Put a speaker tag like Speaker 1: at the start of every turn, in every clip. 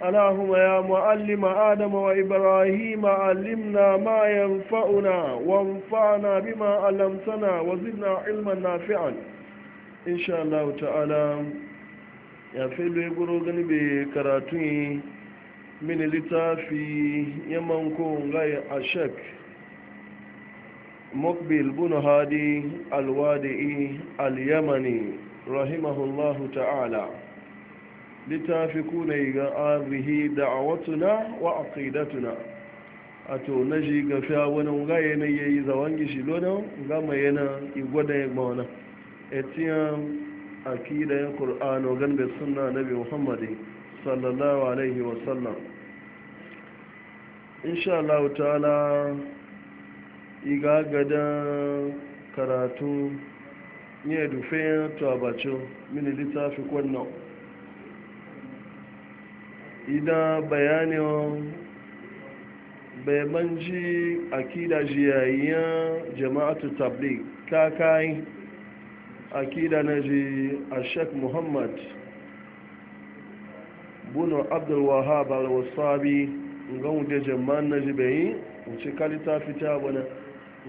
Speaker 1: Allahumma ya mu'allima Adama wa Ibrahima allimna ma yanfa'una wanfa'na bima 'allamtana wa zidna 'ilman nafi'an insha Allah ta'ala ya fele guru gani be karatu min littafi yaman ko ngai ashak mukbil bun hadi alwadi al-yamani rahimahullahu ta'ala littafikuna ga arihi da'awatuna wa aqidatuna ato naji ga fiya wani ga yana yayi zawan gishi lona ga mai yana igwada ya gba wani etiyan akida ya qur'ano gan be sunna nabi muhammadi sallallahu alaihi wa sallam insha Allah ta'ala iga gada karatu ne dufe to abacho mini littafi kwanan idan bayanin a akida jiyayyen jama'atu tablik kakai akida na ji a sheik muhammad buno abdulwahab al-wasabi ga wude jama'an na ji bayi wuce ka littafi ta wani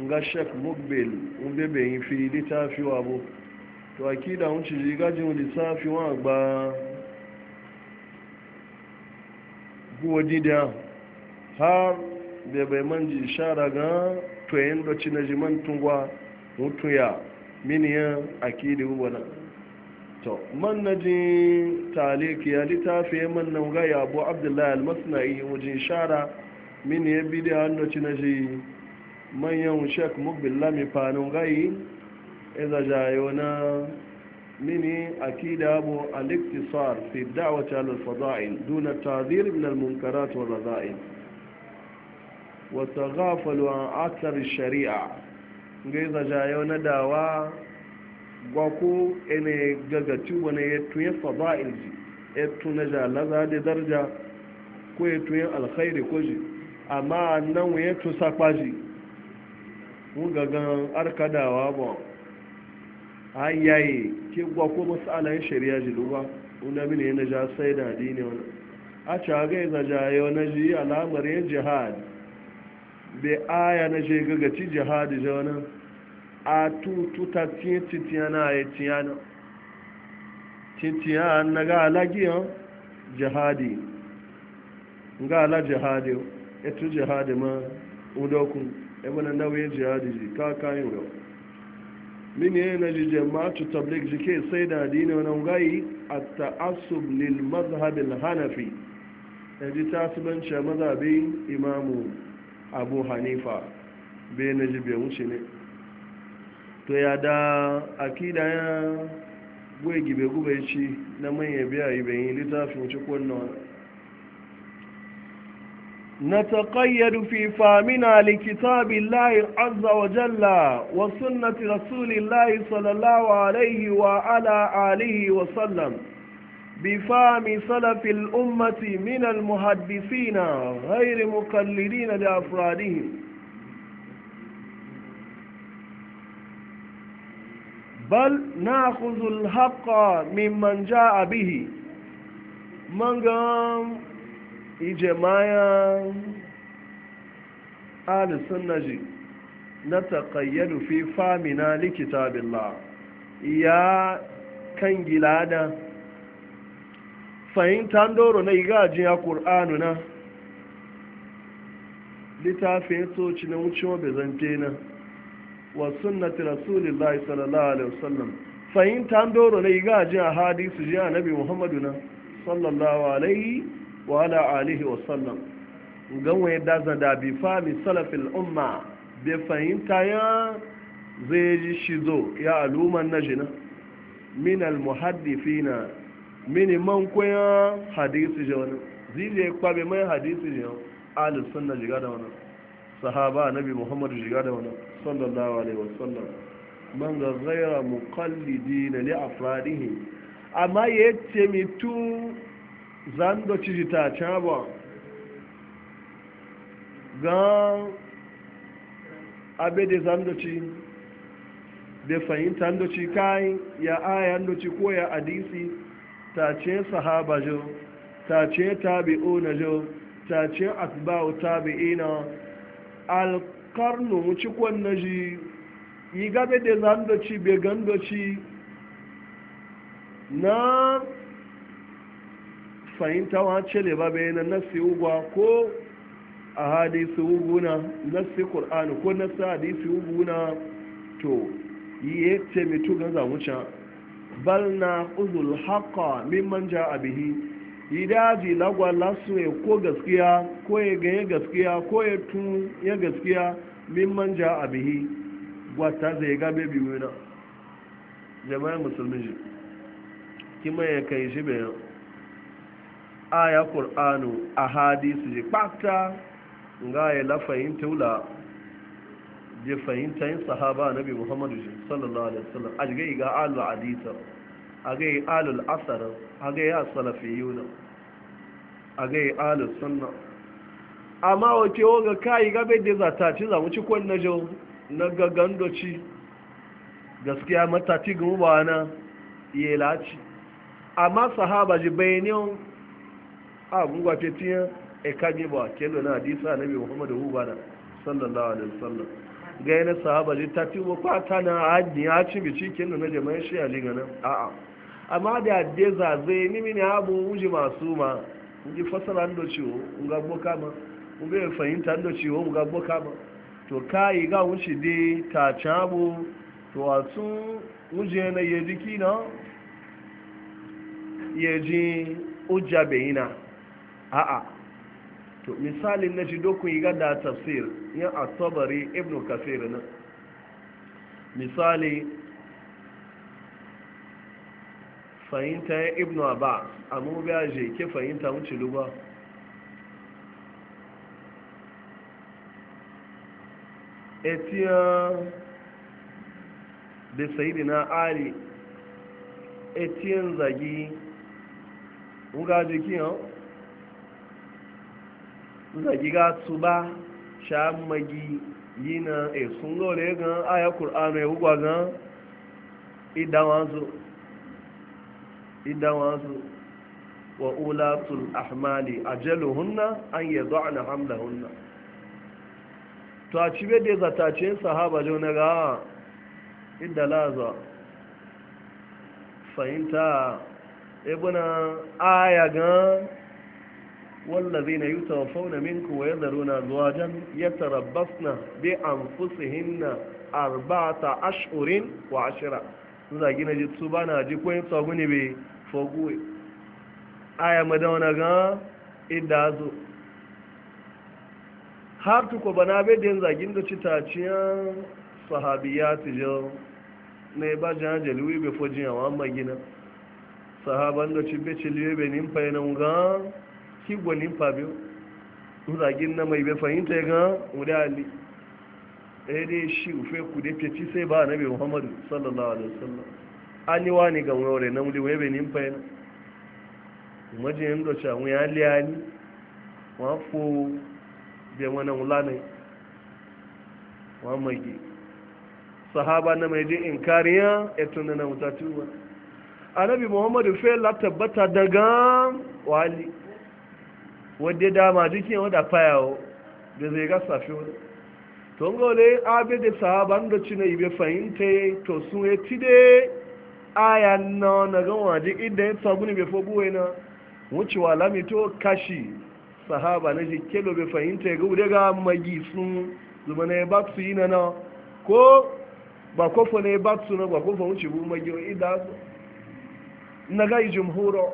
Speaker 1: nga sheik mukbil wude bayi fi littafi wa bu to akida wuce ji gajin littafi wa gba wadi da har da bai manji shara ga toyin da ci na jiman tungwa mutu ya miniyan akidi wani to man na ji taliki ya littafi man nan ga yabo abdullahi almasnai wajen shara miniyan bidiyan da ci na ji manyan shek mukbin lamifanin gai ya izajayo na mini akida abu al-iktisar fi da'wati al-fada'il duna tadhir min al-munkarat wa radha'il wa taghafal wa athar al-shari'a ngai za jayo na dawa gwa ko ene gagati wani ya tuye fada'il ji ya tuna ja laza da darja ko ya tuye alkhairi ko ji amma nan ya tusa kwaji mun gagan arkadawa ba ayaye ke gwa ko masala ya shari'a ji duba na mini yana ja sai da adini wani a ci aga yana ja na ji alamar yin jihad bai aya na je gagaci jihad ja wani a tututa tiyana ya na, titiya na ga alagiyan jihadi ga ala jihadi etu jihadi ma udokun ebe na nawe jihadi ji ka kayan yau Mini yana ji jama'atu tablik jike sai da dini wani gayi a ta'asub lil mazhabin hanafi ya ji tasibanci mazhabin imamu abu hanifa bai na ji wuce ne to ya da akida ya gwe gube ci na manya biya yi bayan littafin cikin wani نتقيد في فهمنا لكتاب الله عز وجل وسنة رسول الله صلى الله عليه وعلى آله وسلم بفهم سلف الأمة من المحدثين غير مقلدين لأفرادهم بل نأخذ الحق ممن جاء به من قام ije mayan alisun naji na taƙayyar fi famina likita billah ya kan gilada fahimta doro na igajin ya ƙur'anu na littafin soci na wucewa bezante na wa sunnati rasulillahi sallallahu alaihi wasallam fahimta doro na igajin a hadisu ji annabi muhammadu na sallallahu alaihi wa ala alihi wa sallam ganwa ya daza da bi fami salafin umma bai fahimta ya zai ji shi zo ya aluman na jina min almuhaddifina mini man koya hadisi ji wani zile kwabe mai hadisi ji ahlus sunna jiga da wani sahaba nabi muhammadu jiga da wani sallallahu alaihi sallam man ga ghaira muqallidina li afradihi amma yace tu. zan da ta caba gan abe de zan da ci da fahimta da ci kai ya aya da ci ko ya hadisi ta ce sahaba jo ta ce na jo ta ce asba'u tabi'ina alqarnu mu ci kon ji yi gabe de zan ci be gan ci na fahimta wace ne ba na nassi ugwa ko a hadisi uguna nassi ƙur'ani ko nassi hadisi uguna to yi ya ce mitu ga zamuca bal na uzul haka mimman ja abihi yi daji lagwala su ya ko gaskiya ko ya gaya gaskiya ko ya tun ya gaskiya mimman ja abihi gwata zai gabe biyu na jama'in musulmi kima ya kai shi bayan aya ƙur'anu a hadisu ji ɓata ga ya la fahimta wula je fahimta yin sahaba bi muhammadu shi sallallahu alaihi wasallam a jigai ga alu hadisa a gai alul asar a gai ya yuna a gai alu sunna amma wace oga kayi gabe da zata ci zamu ci kwan na jau na gagan doci gaskiya matati gumu ba na yelaci amma sahaba ji bayanin a guba fe tiya e kage ba kelo na hadisa nabi muhammadu hubana sallallahu alaihi wasallam ga yana sahaba ji ta tuba kwata na hajji ya ci bici kelo na jama'a shi a jiga nan a'a amma da hadde zaze ni mini abu uji masu ma uji fasara ndo ciwo nga boka ma ube fahimta ndo ciwo nga boka ma to kai ga wuce dai ta cabo to a tun wuce na yaji kina yaji ujabeyina a'a to misalin na jido ku yi gada tafsir yin attabari ibn kafir na misali fahimta ya ibn abbas amma ga je ke fahimta wuce luba etiyan da sayidina ali etiyan zagi wuga jikin hau? zagi ga ba sha magi yi na e eh, sun lore gan aya kur'anu ya hugwa gan idawansu idawansu wa ulatul ahmali ajaluhunna an yad'na hamlahunna to a cibe da zatace sahaba jo na ga inda laza fahimta ibuna aya gan والذين يتوفون منكم ويذرون أزواجا يتربصن بأنفسهن أربعة أشهر وعشرة زاجين جتسوبانا جيكوين صغني بي فوقوي آية مدونا إدازو har tuko bana bai da zagin da citaciyar sahabiya Na ne ba jihar jaliwi bai fojin yawon magina sahaban da ci bai bai nimfa gan ki gwanin fabio zagin na mai bai fahimta ya wuri ali ɗaya eh, dai shi ufe ku dai feci sai ba nabi muhammadu sallallahu alaihi wasallam an yi wani ga wuri na wuri wai bai nimfa yana majin da cha wuri ali ali wa fo bai wani wula ne wa magi sahaba na mai je in kariya etun na mutatuwa anabi muhammadu fe la tabbata daga wali wadda dama jikin wadda fayawo da zai ga safi wani to ngole abe da sahaban da cina ibe fahimta to sun ya tide aya na na ga waje inda ya sabu ne befo buwe na wucewa lamito kashi sahaba na jikelo bai fahimta ya gudu daga magi sun zuba na ya ba su yi na na ko ba kofa na ya ba su na ba kofa wuce bu magi wa idan na ga yi jumhuro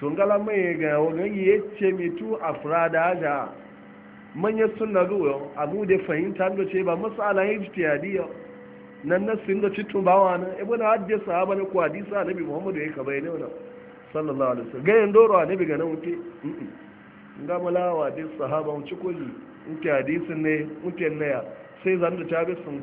Speaker 1: tungala mai ga wagan yi ya ce mitu a furada da manyan suna ruwa abu mu da fahimta da ce ba matsala yin jitiyadiyya nan na sun da cikin bawa nan ibu na hajjiyar sahaba na kuwa disa annabi muhammadu ya kaba ne wannan sallallahu alaihi wasallam gayen doro annabi ga nan wuce ga malawa da sahaba mu ci kulli in ta hadisin ne na naya sai zan da ta bi sun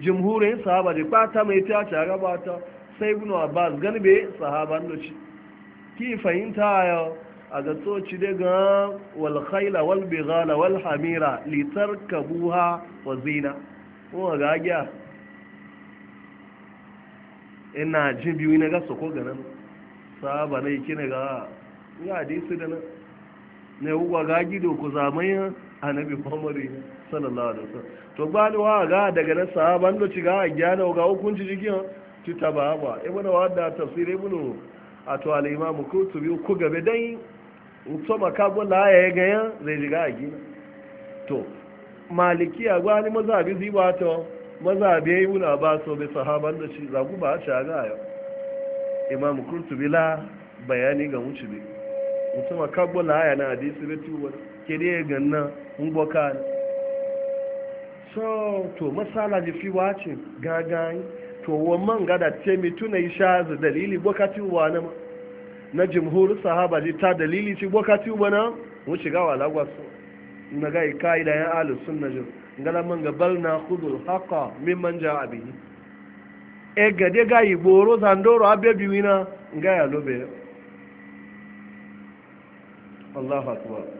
Speaker 1: jumhurin sahaba da bata mai ta tare gabata sai ibn abbas galbe sahaban doci ki fahimta ya a ga tsoci daga wal khayla wal bighala wal hamira litarkabuha wa zina ko ga gya ina jin biyu na ga soko ga nan sahaba ne kina ga ya hadisi da nan ne ugwa ga gido ku zamai annabi Muhammadu ne sallallahu alaihi wasallam to gbani wa ga daga nan sahaban da ci ga gyana ga hukunci jikin ci ta ba ibn wadda tafsir ibn ato al imam kutubi ku gabe dan to maka go la ya ga yan zai jiga a gina to maliki malikiya gwani mazhabi ba to mazhabi ibn abbas be sahaban da ci zagu ba ci ga yau imam kurtubi la bayani ga ci be mutum ka kagbola haya na hadisi betu wani kere ganna ngboka ne to masala ji fi wace gagayi to wannan gada ce mi tuna isha za dalili bokati uwa na ma na jimhur sahaba ji ta dalili ci bokati uwa na mu shiga wa lagwasu na ga da ya alu sunna jin ngala man ga bal na khudul haqa mimman jaa bihi e gade ga boro zandoro abe biwina ngaya lobe Allahu akbar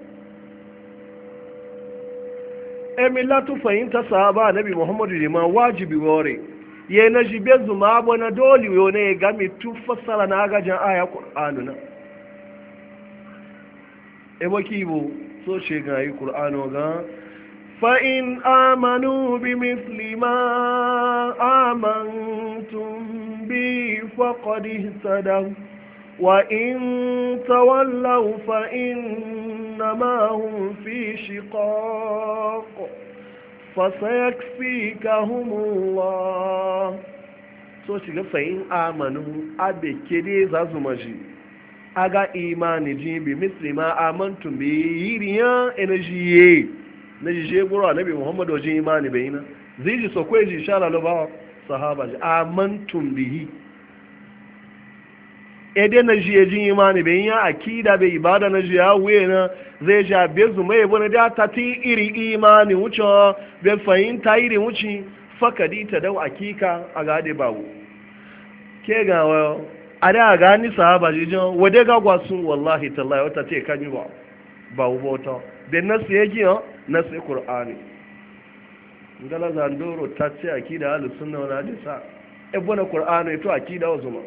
Speaker 1: emilatu fahimta saba nabi muhammadu liman wajibi wore ya na jibe zuma abu na dole yau ne ya gami tu fassara na agajin aya ƙur'anu na ebo kibo so ce ga yi ƙur'anu ga fa'in amanu bi misli amantum bi faƙadi sadau وإن تولوا فإنما هم في شقاق فسيكفيكهم الله so shiga fahim amanu abe kede za su maji aga imani ji bi misli ma amantum bi yiriya energy na jije gura nabi muhammadu ji imani bayina zai ji sokwe ji shara lobawa sahaba ji amantum bihi ede na jiye jin imani bai a akida bai ibada na jiya wuye na zai ja bezu mai bane da ta ti iri imani wuce bai fahimta iri wuce fakadi ta dau akika a gade babu ke ga wayo a da ga ni sahaba jijin wade ga gwasu wallahi tallahi wata ce kan yi ba wu bauta da nasu ya e giyan nasu qur'ani e ngala zandoro ta ce akida alusunna wani hadisa ebola qur'ani to akida wa zuma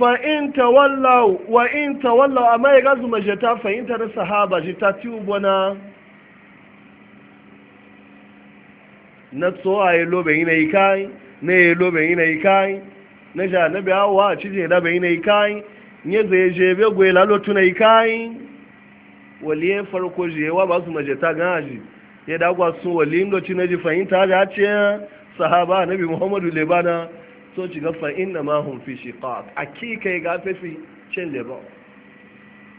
Speaker 1: fa'in tawallaw wa in tawallaw amma ya gazu majata fahimta na sahaba ji ta tubo na na tsoa ya lobe yi na yi kai na ya lobe yi na yi kai na sha na biya wa a cije na bai na yi kai nye zai je be gwe lalotu na yi kai waliye farko je wa ba su majata gaji ya dagwa sun wali indoci na ji fahimta da ce sahaba nabi muhammadu lebana so ci ga fa'in na mahun fi shi ƙaf a kika ya gafe fi cin leba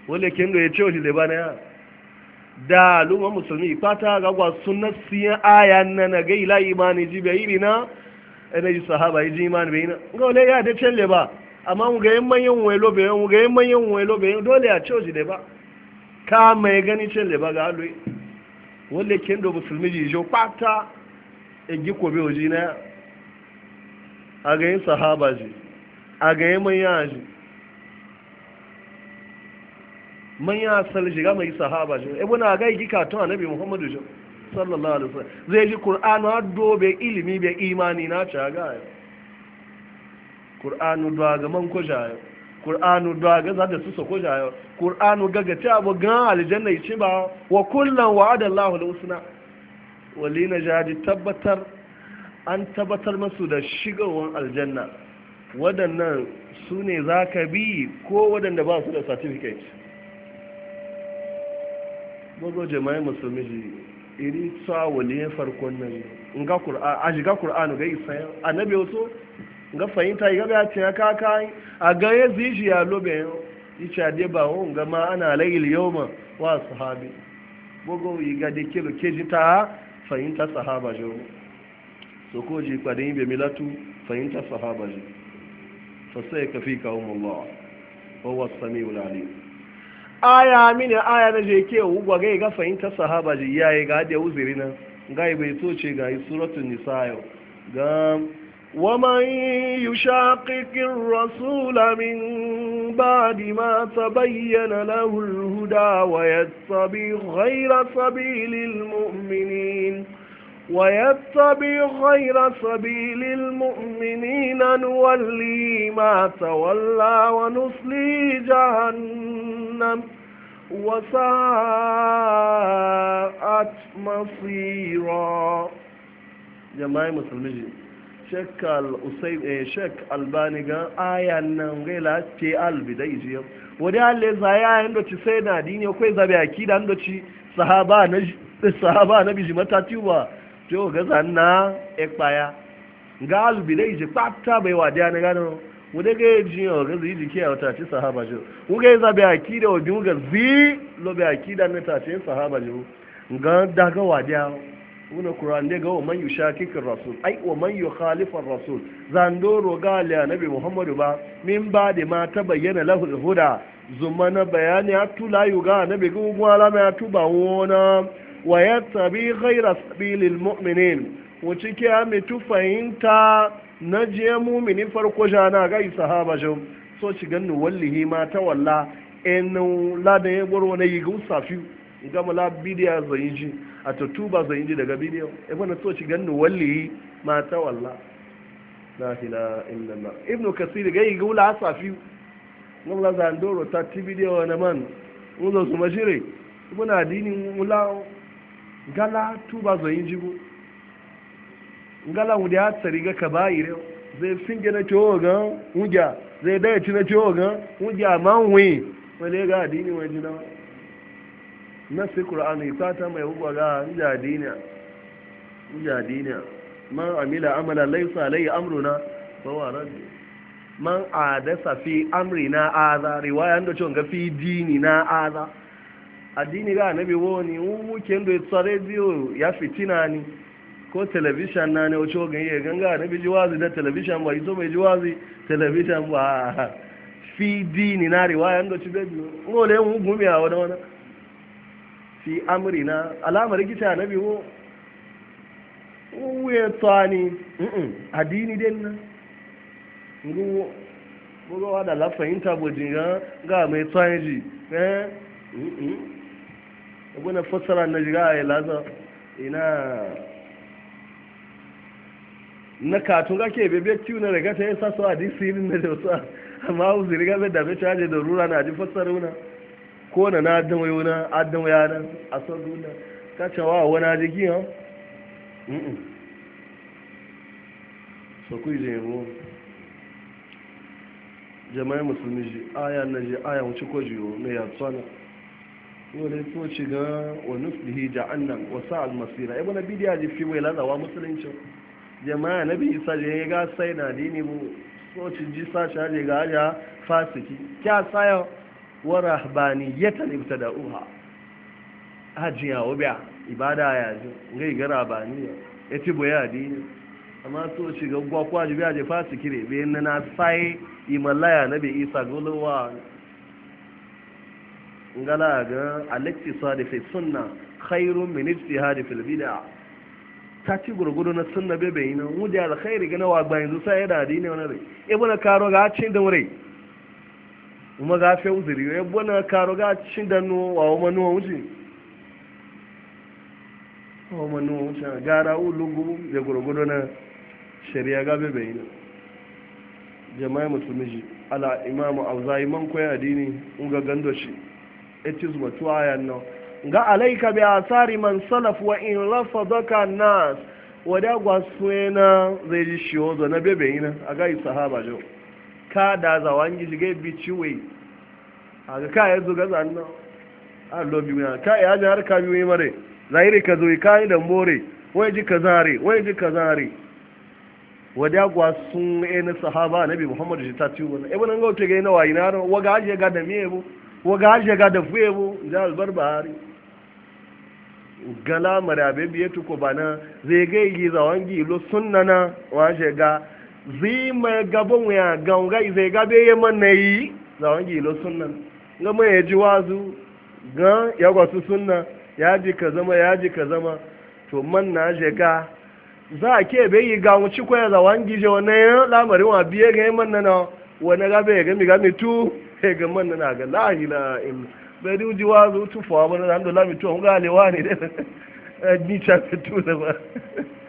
Speaker 1: wale kin da ya ce wani leba na ya da luma musulmi fata gwa suna siyan aya na na ga ila imani ji bai iri na ina yi sahaba yi ji imani bai na ga wale ya da cin leba amma mu ga yin manyan welo bai mu ga yin manyan welo bai dole ya ce wani leba ka mai gani cin leba ga alwai wale kin da musulmi ji jo fata ya kobe oji na ya a ga yin sahaba ji a ga yi manya ji manya asali shiga mai sahaba ji ebe na ga yi katon annabi muhammadu ji sallallahu alaihi wasallam zai ji kur'anu a dobe ilimi bai imani na ci ga kur'anu da ga man ko jayo kur'anu da ga za da su sa ko jayo kur'anu ga ga ta bo ga aljanna yi ci ba wa kullan wa'ada allah al husna walina jadi tabbatar an tabbatar masu da shigowar aljanna waɗannan su ne za ka bi ko waɗanda ba su da certificate gogo jama'in musulmi ji iri tsawali ya farkon nan a shiga ƙur'anu ga isa annabi wasu ga fahimta yi gaba ya ce ya kaka a ga ya zishi ya lobe yau icha de ba won ga ma ana layil yawma wa sahabi gogo yi ga de kilo keji ta fahimta sahaba jomo so ko ji kwadin ibe milatu fahimta sahaba ji fasai ka fi kawo mallawa wawa sami wulali aya mini aya na je ke ugwa ga ga fahimta sahaba ji yayi ga da uzuri na, ga bai so ce ga suratul nisa yau ga ومن يشاقق الرسول من بعد ما تبين له الهدى ويتبع غير سبيل المؤمنين ويتبع غير سبيل المؤمنين نولي ما تولى ونصلي جهنم وساءت مصيرا جماعة مسلمين شك الأسيب شك البانيغا آية نانغيلا آية تي البداية wadda alle zaya yayin da ci sai na dini akwai أكيد akida da صحابة sahaba na sahaba na biji tí ó gẹ́sà na ẹpa ya ga alubile ije pata bai wa daya na gano wude ga eji yau gaza ọ̀ ke yau tace sahaba jo wuga ya zabe akida wa bi wuga zi lo bai akida na sahaba ga daga wa daya rasul rasul zandoro ga la muhammadu ba min ba da ma ta bayyana lahul huda zuma na bayani tula ya tuba wona wa yattabi ghayra sabilil mu'minin wuci ke ame tufahinta na je mu'minin farko jana ga sahaba jo so ci gannu wallahi ma ta walla en la da ya goro na ga safi ga mala bidiya zayiji a ta tuba zayiji daga bidiyo e bana so ci gannu wallahi ma ta walla la ilaha allah ibnu kasir ga yigu la safi ngam la ta tibidi wa na man uzo su mashire ibn adini mulao gala tuba zo yin jibu gala wuri ya tsari ga ka bayi rewa zai singe na ciwo ga wujya zai daya ci na ciwo ga wujya ma wuyi wani ga adini wani jina na sai ƙura'anu ifata mai hukwa ga njadiniya njadiniya man amila amala laisa lai amruna ba wa rabbi man adasa fi na aza riwaya ndo chon ga fi dini na aza Adini ga annabi woni wuke ndo e tsa rediyo ya fitina ni ko television na ne ocho ga ye ganga annabi jiwazi da television ba izo mai jiwazi television ba fi dini na riwaya ndo chibe ngole mu gumi a wani wani fi amrina alamar kita annabi wo wuye tsani addini den na ngu bugo wada la fahimta bojin ga mai tsani ji eh wani fassara na shiga a ilaza ina na katun kake bebe tiyo na daga ta yi sasa a disirin na dausa amma hau zirga bai da bece da rura na ji fassara wuna ko na na wayo na adan waya na a son runa ka cewa wani aji giyan wani to ci ga wa nuflihi ja'annan wa sa'al masira ibn bidiya ji fi wai lazawa musulunci jama'a nabi isa je ga sai na dini mu so ci ji sa sha je ga aja fasiki kya sayo wa rahbaniyatan ibtada'uha hajiya wa biya ibada ya ji ngai ga rabaniya yace boya dini amma so ci ga gwakwa ji biya je fasiki ne bayan na sai imalaya nabi isa golowa ngala ga al-iktisad fi sunna khairun min ijtihad fi al-bid'a ta ci gurgudu na sunna be ina mu wuje alkhairi ga wa ba yanzu sai da dini wani rai ibn e karo ga cin da wuri kuma ga fe uzuri ibn e karo ga cin da no wa wa no wuje wa ma no wuje ga ra ulungu da gurgudu na shari'a ga be be ina jama'a musulmi ala imamu auza'i man koyi addini un ga gando shi ita zuwa tuwayen no ga alaika bi asari man salaf wa in rafadaka nas wada gwaswena zai ji shiwo zo na bebe ina a ga sahaba jo ka da zawangi shige bi ciwe a ga ka yanzu ga zanna a lobi wina ka ya ji har ka biyu mare zahiri ka zo ka yi da more wai ji ka zare wai ji ka zare wada gwa sun ene sahaba nabi muhammadu shi ta ciwo na ebe nan ga wuce ga yi na wayi na waga ajiye ga da miye bu waga shiga da fuye bu da albar bahari gala marabe biye tuko bana zai ga yi zawangi lo sunnana wa shiga zai mai gabon ya ganga zai gabe ya yaman yi zawon gilo sunnan ga mai ji wazu ga ya gwasu sunna ya ji ka zama ya ji ka zama to man na shiga za a ke bai yi ga wuci ko ya zawangi je wannan lamarin wa biye ga yaman na na wani gabe ya gami gami tu sai ga man na ga lahi la in bai di uji wazo tufu wa bana nan da lami to ga lewa ne da eh, ni cha fitu da ba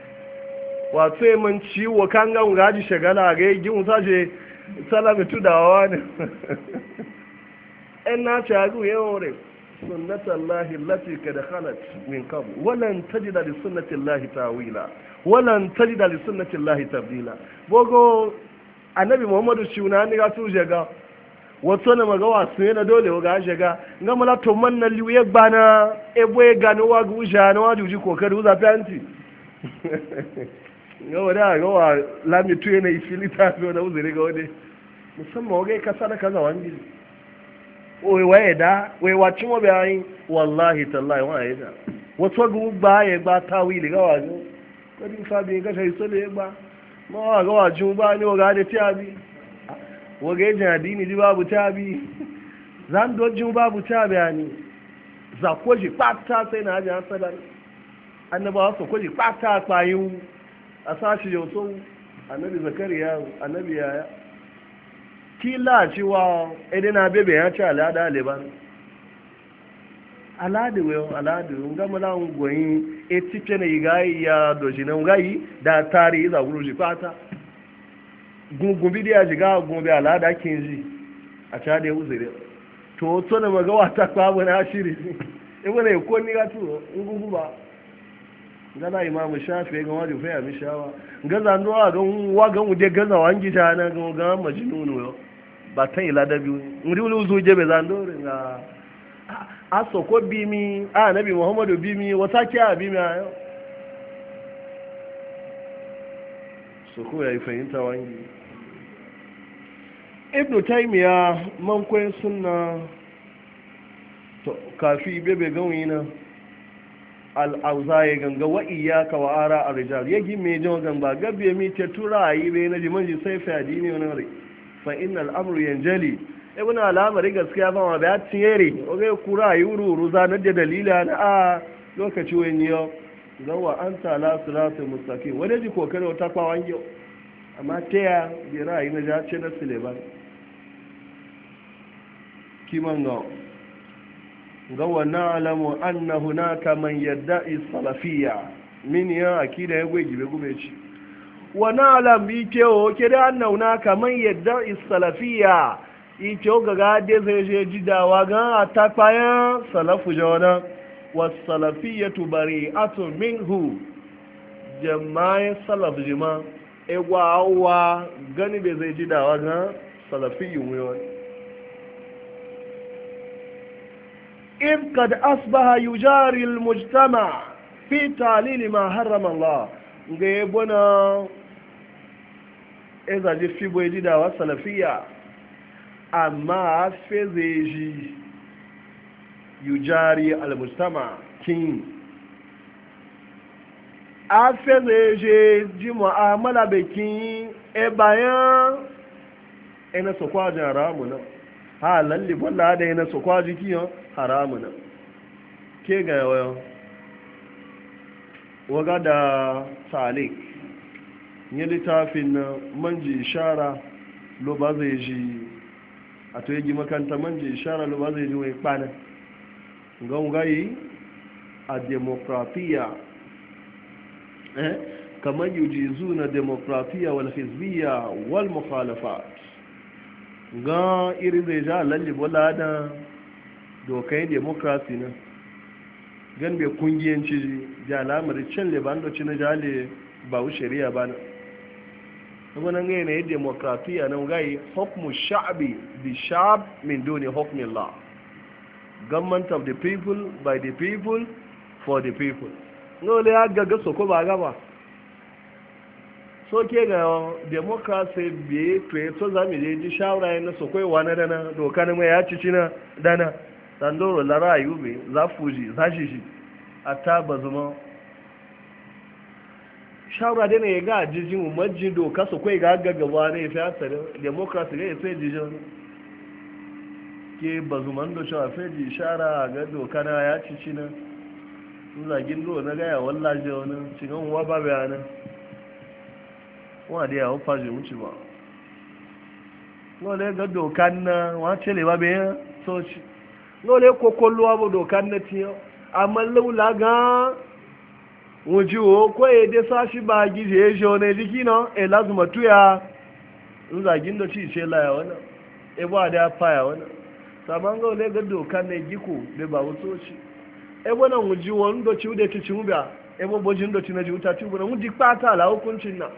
Speaker 1: wa sai man ciwo kan ga ngaji shagala ga yi gin saje salami tu da wa ne en na cha gu yore sunnatan lahi lati kada khalat min qabl walan tajida li sunnati llahi tawila walan tajida li sunnati tabdila bogo annabi muhammadu shi na ni ga su je ga wato na magawa sun yana dole ga shiga nga mala to man na liwe gbana ebo e gano wa guja na wa juji kokari uza pianti nga wada ga wa lami tuye na ifili ta zo na uzuri ga wade musamman wa ga kasa da kaza wangi oye wa eda we wa chimo be ayin wallahi tallahi wa eda wato gu gba ye gba tawili ga wa ko din fa bi ga sai so le gba ma wa ga wa jumba ni wa ga de tiabi wage jadini ji babu tabi zan dojin babu tabi ani za koji pata sai na ajin asada annabawa su koji pata tsayin a sashi yau so annabi ya annabi yaya kila cewa edina bebe ya ci alada liban aladewe aladewe nga mala ngoyin etipe na igayi ya dojina ngayi da tari za guruji pata gungun bidiya shiga gungun biya al'ada kin ji a ca da ya uzuri to to da maga wata kwabu na shiri ibn ya ko ni ga turo in gungun ba gana imamu shafi ga wani faya mi shawa gaza ndo a don wa ga mu de gaza wa ngi ta na ga ga majnunu yo ba tan ila da biyu muri wulu zo je be zando nga a so ko bi mi a nabi muhammadu bi mi wata kiya bi mi ayo suku ya yi fahimta wangi ibn taimiya mankwai suna kafi bebe gawai na al'auza ya ganga wa'i ya wa ara a rijal ya mai jan gamba gabi ya mita tura a yi bai na jimanji sai fadi ne wani rai fa inna al'amru yanjali e ibn al'amari gaskiya ba ma bai tiyere oge kura yi wuru wuru zanar da dalila na a lokaci wani yau zawa an tala siratu mustaqim wani ji kokari wata kwawan yau amma ta ya bi ra'ayi na jace na suleban kiman ga ga an na huna ka man yadda'i salafiya. min ya da ya gwe gibe gube ci wa alamu bi ke o ke da anna hunaka man yadda'i salafiyya ike o ga ga de zai je jidawa ga a kwayan salafu jawana wasalafiyyatu bari'atun minhu jama'in salaf jima egwa awa gani bai zai ji dawa ga salafiyyun wiyon in kad asbaha yujari almujtama fi talili ma harrama Allah ga ezaji fi bai ji dawa salafiya amma fe zai ji yujari almustama kin a fẹ́rẹ̀ ṣe jí mu'amala bẹ̀ kin ẹ bayan ẹna sọkwajin haramu na ha lalle bọ́lá da ẹna sọkwajin kin haramu na ke ga yawon waga da salik yi littafin na manji ishara lo ba zai ji a to yi makanta manji ishara lo ba zai ji wai kpanin gangayi a demokratiya eh kamar yujizu na demokratiya wal hizbiya wal mukhalafa ga irin zai ja lallibo lada dokai demokrasi na gan bai kungiyanci ji ja cin libandoci na jale ba wu shari'a ba na wannan ne demokratiya na gai hukmu sha'abi bi sha'b min duni hukmi government of the people by the people for the people no le aga gaso ko ba gaba so ke ga democracy be to e za mi je ji shawara na ko wa na dana doka ne mai ya ci na dana sandoro la rayu be za fuji za shi shi ata bazuma shawara dai ya ga jijin umajin doka ko ga gaga ba ne fi asali democracy ga sai jijin ke ba zuman da cewa feji shara ga doka na ya ci ci nan zagin do na gaya wallaje wani cikin wa ba bayanan wa da yawon faje wuce ba lole ga dokan na wace le ba bayan soci lole kokolluwa ba dokan na tiyo amma laula ga wujiwo ko ya dai sashi ba gizo ya shi wani jiki na elazumatu ya zagin da ci ce laya wani ebo a da ya faya wani saman ga wale ga doka na giko da ba wato ci ebo na wuji wani doci wuda ci ci ebo na ji wuta ci wuda wuji kpata ala hukuncin na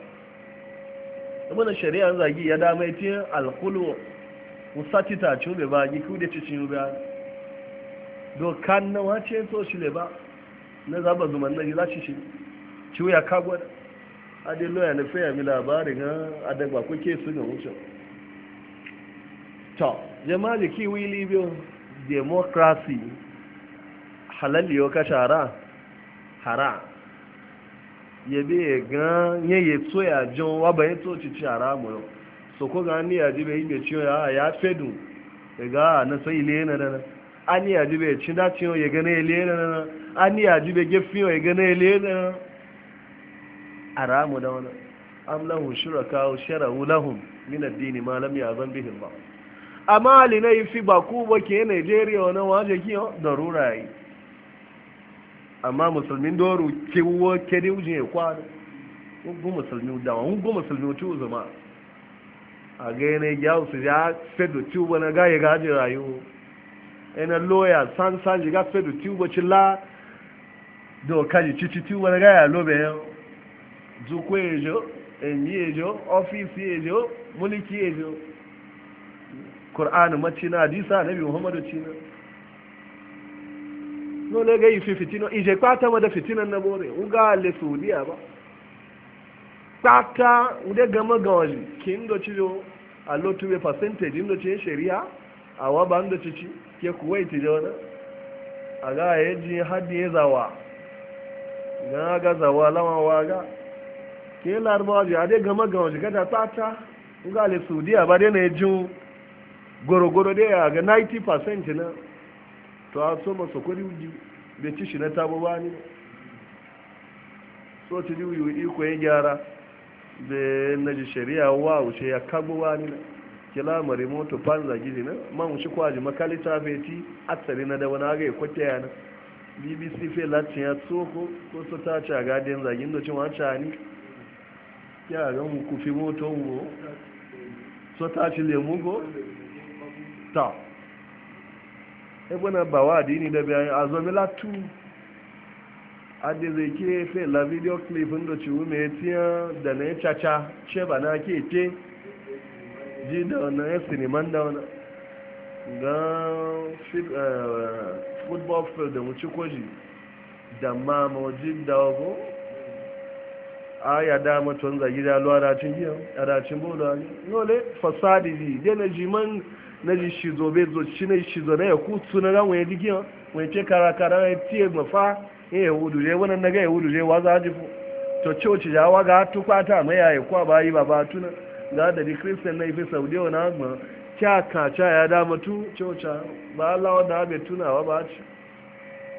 Speaker 1: ebo na shari'a zagi ya dama iti alkulu musati ta ci ba ba giko wuda ci ci wuda doka na wace so shi le ba na zaba zuman na ji za ci ci ci wuya kagwada adelo ya nufi ya mi labarin adagba ko ke to jama'a da kiwi libyan democracy halaliyo ka shara hara yabe gan yaye tsoya wa waba ya tsoci hara mu so ko ga ni yaji bai yi ciyo ya ya fedu ah, ga na sai ile na na ani yaji bai ci da ciyo ya gane ile na na ani yaji bai gefiyo ya gane ile na aramu da wannan am lahum shuraka shara'u lahum min ad-din ma lam ya'zan bihi Allah amma na yi fi ba ku ba ke nigeria wani waje kiyo da yi amma musulmi doru ke wo ke ne ujin ya kwano ugu musulmi dawa ugu musulmi ci uzuma a ga yana ya su ya fedo tuba na gaya gaji rayu yana loya san san ji ga fedo tuba ci la doka ji chichi ci tuba na gaya lobe yau zukwe ejo enyi ejo ofisi ejo muliki ejo ƙur'ani macina hadisa nabi muhammadu cina no le ga ifi fitina ije kpata ma da fitinan na bore uga le saudiya ba kpata ude gama ga wani kin do ci yo a lotu be percentage ndo ci shari'a a wa ba ndo ci ci ke kuwait je wani a ga ya ji haddi ya zawa na ga zawa lawan waga ke je gama ga wani kada kpata uga le saudiya ba dai na ya gorogoro dai ya ga 90% na to a so masu kwari uji bai ci shi na tabo ba ne so ci ji uyu iko ya gyara da na ji shari'a wa wuce ya kagbo ba ne kila mare moto panza gizi na man wuce kwaji makalita feti atsari na da wani aga ya kwata yana bbc fe latin ya tsoko ko so ta ci a gadin zagin da cin wancan ne ya ga mu kufi moto wo so ta ci lemugo ta ebona ba wa adini da bayan azomi latu adi zai ke fe la video clip ndo ci wume tiya da na e caca ce ba na ke te e eh, ji da wannan ya siniman da wani. ga football field da wuce koji da ma mawajin da wago a ya dama tun zagi da luwa da cin giyan a da cin bola ne fasadi ji dena jiman na ji shi zobe zo ci na shi zo na ya kutu na wani ligiyar wani ce karakara ya tiye mafa ya yahudu je wani na ga yahudu je wa za a jifu to coci jawa ga tukwata mai yaya kwa bayi ba ba tuna ga da di kristian na ife saudi wani agba ka kaca ya dama tu coca ba allah wanda abe tunawa ba ci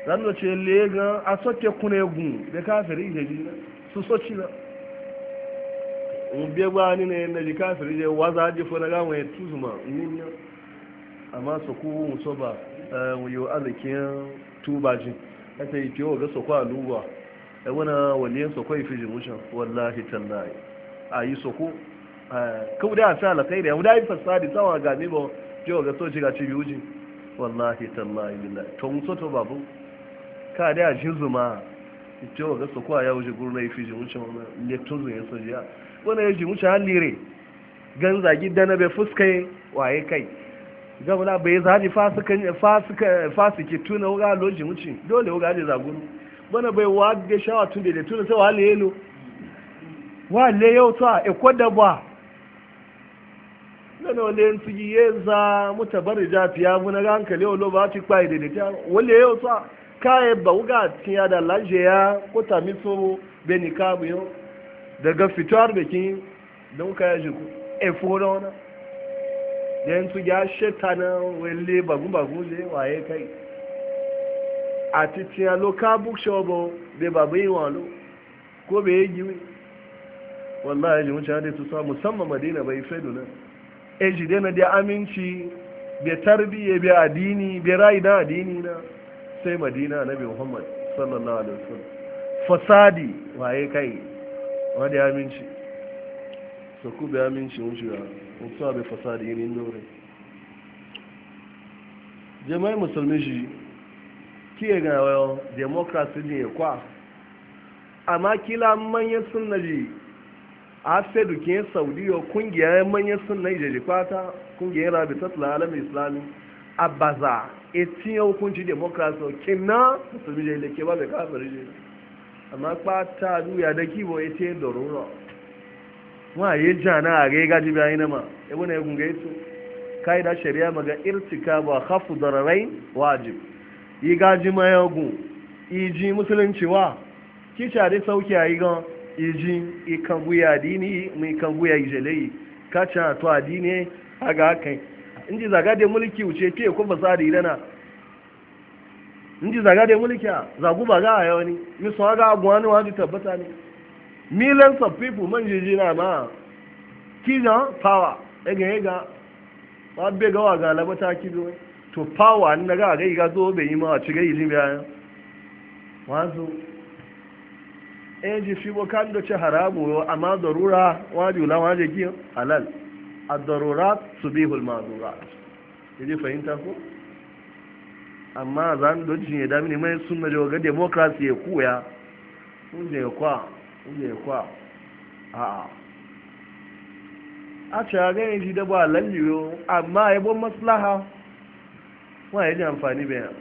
Speaker 1: zan da ce lega a soke kuna egun da kafiri da ji su soci na in biya gbani ne na ji kafiri da wa za jifu na ga wani tuzuma in amma su ku musu ba eh, wuyo arzikin tubajin eh, ta yi fiye ga sokwa aluwa ya wana waliyan sokwai fi jimushin wallahi tallahi a yi soko eh, kawo da sa alakai da ya wuda yi fasadi sawa ga ba jiwa ga soji ga cibi uji wallahi tallahi billahi to musu to babu ka da ji zuma jiwa ga sokwa ya wuce gurna yi fi jimushin wani lektun zuwa ya soji ya wani ya jimushin halire gan zagi dana bai fuskai waye kai gabula bai zaji fasike tuna wuga loji wuce dole wuga ne zaguru bana bai wa ga shawa tun da tuna sai wa lelo wa le yau ta eko da ba nana wale yin tuji ye za muta bari ja fiya muna ga hankali wani ba ci kwaye da ta wale yau ta kaye ba wuga tiya da laje ya ko ta miso benika bu yau daga fitowar bikin don kaya jiku e fura wani yan su ya sheta na wele bagun-bagun le waye kai a titin aloka bookshop bai oh, babu yi walo oh. ko bai yi giwi wallahi ji wuce hadai su sa musamman madina bai fedu nan e ji dai na da aminci bai tarbiyya bai adini bai rayu na adini na sai madina na bai muhammad sallallahu alaihi wasallam fasadi waye kai wani aminci so ku bai aminci wuce ya mutuwa bai fasa da yinin nore jama'ai musulmi shi kiye ga yawon demokrasi ne ya kwa amma kila manyan sunna ji a sai dukiyar saudiya kungiyar manyan sunna ji ji kwata kungiyar rabitat la'alam islami a baza ya hukunci demokrasi kina musulmi ji da ke ba bai kafin ji amma kwata duya da kibo ya ce da rura ma yi jana a ga gaji bayan nama ibu na e ya gunga yato ka'ida shari'a maga irtika ba hafu dararai wajib yi gaji ma ya gun iji musulunci wa kicha dai sauki a yi gan iji ikan adini dini mai kan ijele ijeleyi kacha to adini a ga hakan in ji zaga da mulki wuce fiye ko ba tsari dana in ji zaga da mulki a zagu ba ga a yawani yi sun ga agwani wajen tabbata ne millions of people man jiji na ma kina power ega ega ma be ga waga la bata kido to power na ga ga ga zo be yi ma ci ga yi jin biya wazo eji fi bo kan do ci haramu yo amma darura waji la waje ki halal ad-darurat tubihul ma'durat idi fahimta ko amma zan do jin da mini mai sunna jo ga democracy ya kuya kun je kwa ya kwa a a cewa ganin shi da ba lalliyo amma yabon maslaha wa ya ji amfani bayan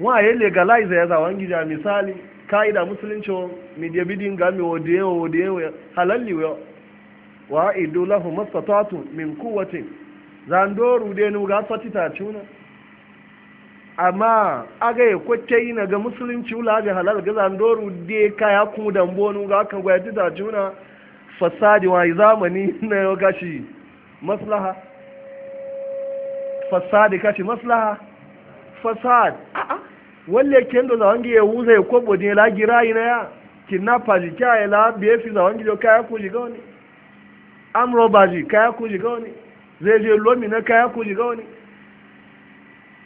Speaker 1: wa ya legalize ya zawon gida misali ka'ida musulunci media bidin ga mi wadewa wadewa halalliyo wa hu lahu tatu min kuwatin zandoru denu ga fatita cuna amma aga ya kwace yi na ga musulunci wula ga halal ga zandoru da kaya kuma dambonu ga kan gwaya ta juna fasadi wa zamani na yau gashi maslaha fasadi kashi maslaha fasad a'a walle kendo za wangi ya wuza ya kwabo ne la yi na ya kidnapper ji ya la befi za wangi ya kaya kuji ji gawani amroba ji kaya ku ji gawani zai je lomi na kaya ku ji gawani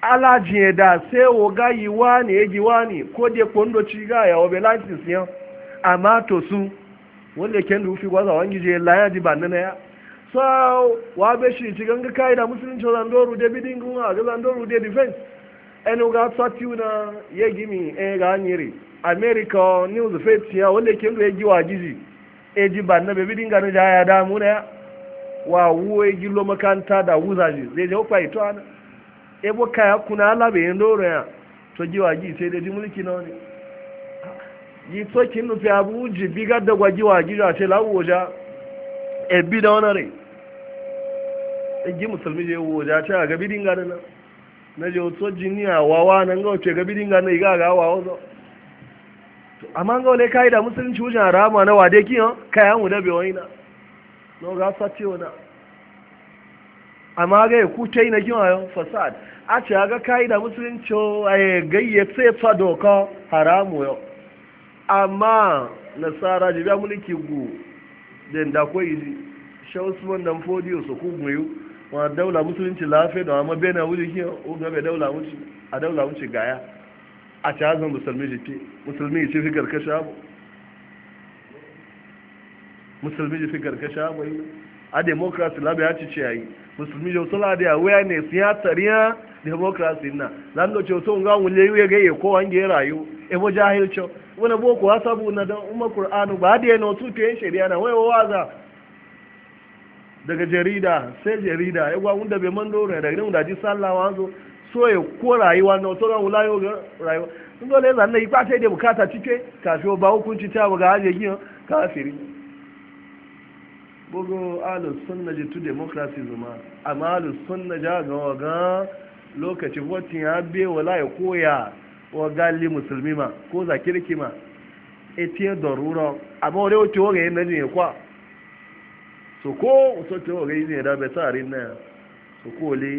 Speaker 1: alaji da sai woga ga yi wani ya gi wani ko de kondo ci ga ya obe license yan amma to su wanda ken rufi gwaza wangi je la ya ji banna ya so wa be shi ci ganga kai da musulunci zandoru de bidin gunwa ga zandoru de defense ẹnu ga sati na ye gimi e ga nyiri america news faith ya wanda ken do egi wa gizi e ji banna be bidin ga ja ya da mu na wa wo egi lo makanta da wuzaji zai je kwa ito ana ebo kaya kuna alabe yin doro ya to giwa gi sai dai mulki na ne yi to kin nufi abu ji biga da gwaji wa ce lawo waja e bi da wani rai e gi musulmi je waja ta ga bidin ga na na je to jiniya wawa nan ga ce ga bidin ga na iga ga wawa zo amma ga wale kai da musulunci wujen harama na wade kiyo kaya mu da bewai na no ga sace wani amma ga ya kuta yi na gima fasad a ce ga ka'ida musulunci a gayyace fa doka haramu yau amma nasara jibiya mulki gu da da yi sha usman dan fodiyo su ku guyu wa daula musulunci lafiya da amma bena wuce ki ga bai daula wuce a daula wuce gaya a ce hazan musulmi jiki musulmi ce fi karkashi abu musulmi ce fi karkashi abu a democracy labe ya ci ce yayi musulmi da sula da awareness ya tariya demokrasi na zan da cewa sun ga wule yi ga ya kowa nge rayu e bo jahilcho wani kuwa hasabu na dan umma qur'anu ba da yana su to yin shari'a na wai waza daga jarida sai jarida ya gwa wanda bai daga nan da sallawa zo so ya ko na to ran wulayo ga rayuwa dole zan yi ba sai da bugu alus sunna jitu demokrasi zuma amma alus sunna ja ga waga lokaci votin ya be wala ya koya wa gali musulmi ma ko za kirki ma etiye darura amma wani wace waga yin nani ne kwa so ko wasu wace waga yin ne da bai tsarin na so ko le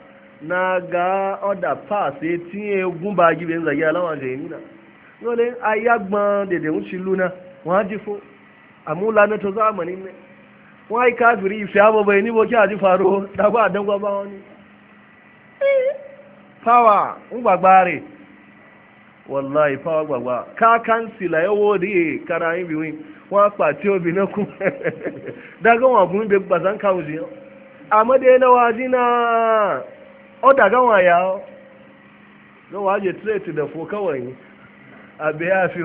Speaker 1: na ga ọdà pass etinye egun bá jí bẹ́ẹ̀ zàgé aláwọ̀ yìí nà wọ́n lé ayágbọ́n dèdè ń ti lúna wọ́n á jí fún àmúlá ní ife ní mẹ́ wọ́n á yí káàkiri yìí níbo kí àti faro bá wọn ni. pàwà ń gbàgbá rè wàláì pàwà gbàgbá káàkáǹsì là yẹ wọ́ọ̀dì kára yín bí wín wọ́n á pàtí obìnrin kú o ya waya ga waje trade da fo kawai a biya fi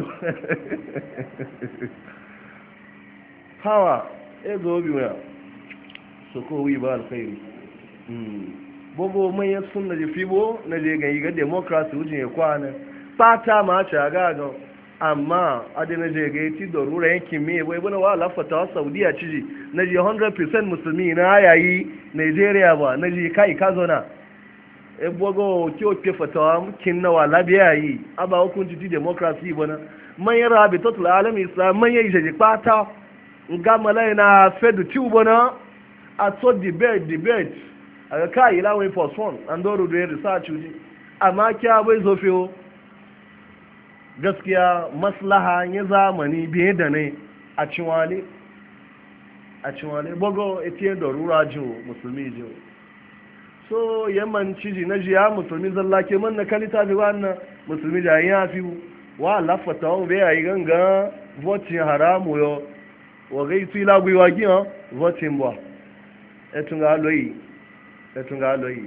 Speaker 1: hawa e zo biya su kowi ba alkhairi gbogbo hmm. manyan sun na je fibo na je ga demokrasi wujin ya kwana fata ma ci a gagan amma adina je ga ci da rura yankin mai bai bane wa lafata wa saudiya ciji na je 100% musulmi na yayi nigeria ba na je kai ka zauna ebogo ki o pe fatawa kin yi aba hukunci ti democracy bana man yara bi totul alam islam man yayi je pata nga malai na fedu ti bana a debate debate aga kai ila we for son andoru do research uji amma kya bai zo fiyo gaskiya maslaha ya zamani biye da ne a ciwale a ciwale bogo etiye da rura jiwo musulmi ji so yaman ciji na jiya musulmi zalla ke man na kalita fi wannan musulmi da ya fi wa lafata wa bai ayi ganga votin haramu yo wa gai tu ila gwiwa gina votin bwa ba e etunga aloyi etunga aloyi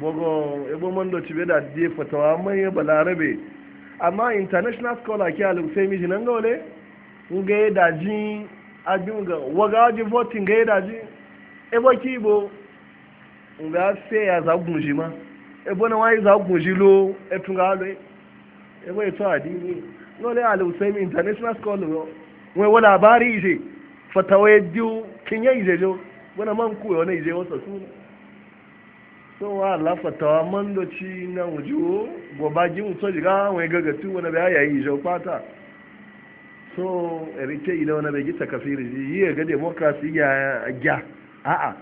Speaker 1: bogo ebo man do cibe da die fatawa man ya e balarabe amma international scholar ke alusai miji nan gole ga da jin abin ga waga ji votin ga da jin ebo kibo nga se ya za gunji ma ebona wani za gunji lo etunga lo ebo e eto adini no le al usaimi international school yo we wala habari ji fatawa e diu kinya ije jo bona man ku yo e ne ije wasa su so wa la fatawa man do chi na uju ba ji un ji ga we gaga tu wona be aya ije pata so erite ile wona be gita kafiri ji ye ga democracy ya ya a